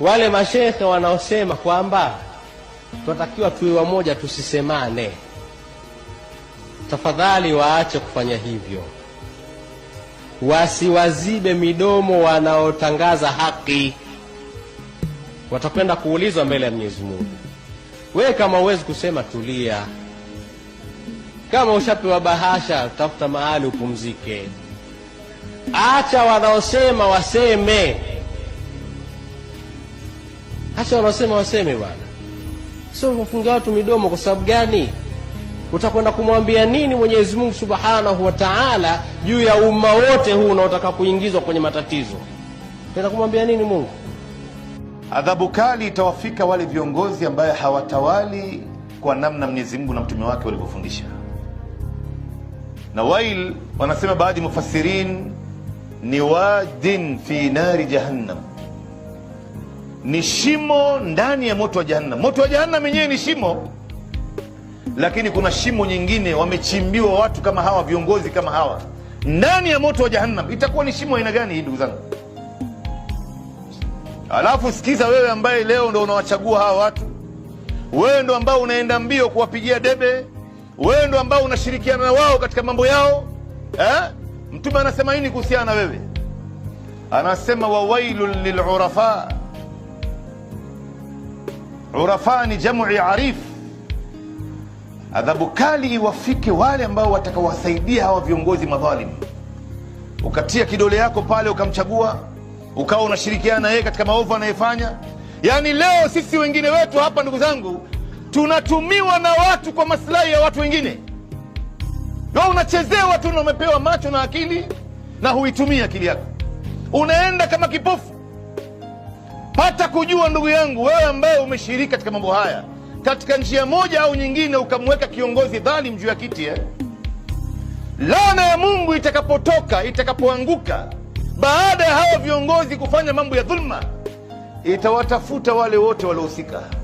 wale mashekhe wanaosema kwamba tunatakiwa tuwe wamoja tusisemane, tafadhali waache kufanya hivyo, wasiwazibe midomo wanaotangaza haki. Watakwenda kuulizwa mbele ya Mwenyezi Mungu. Wewe kama huwezi kusema, tulia. Kama ushapewa bahasha, tafuta mahali upumzike. Acha wanaosema waseme. Acha wanasema waseme bwana, sio kufungia watu midomo. Kwa sababu gani? Utakwenda kumwambia nini Mwenyezi Mungu subhanahu wa taala juu ya umma wote huu unaotaka kuingizwa kwenye matatizo? Utaenda kumwambia nini Mungu? Adhabu kali itawafika wale viongozi ambayo hawatawali kwa namna Mwenyezi Mungu na mtume wake walivyofundisha. na wail wanasema baadhi mufasirin ni wadin fi nari jahannam ni shimo ndani ya moto wa jahannam. Moto wa jahannam yenyewe ni shimo, lakini kuna shimo nyingine wamechimbiwa watu kama hawa, viongozi kama hawa, ndani ya moto wa jahannam. Itakuwa ni shimo aina gani hii, ndugu zangu? Alafu sikiza wewe, ambaye leo ndo unawachagua hawa watu, wewe ndo ambao unaenda mbio kuwapigia debe, wewe ndo ambao unashirikiana na wao katika mambo yao eh? Mtume anasema nini kuhusiana na wewe? Anasema wawailun lilurafa urafani ni ya arif. Adhabu kali iwafike wale ambao watakawasaidia hawa viongozi madhalimu. Ukatia kidole yako pale ukamchagua, ukawa unashirikiana na yeye katika maovu anayefanya. Yaani leo sisi wengine wetu hapa, ndugu zangu, tunatumiwa na watu kwa maslahi ya watu wengine. wa unachezewa tu na umepewa macho na akili na huitumia akili yako, unaenda kama kipofu hata kujua, ndugu yangu, wewe ambaye umeshiriki katika mambo haya katika njia moja au nyingine, ukamweka kiongozi dhalim juu ya kiti eh? Laana ya Mungu itakapotoka itakapoanguka, baada ya hawa viongozi kufanya mambo ya dhulma, itawatafuta wale wote waliohusika.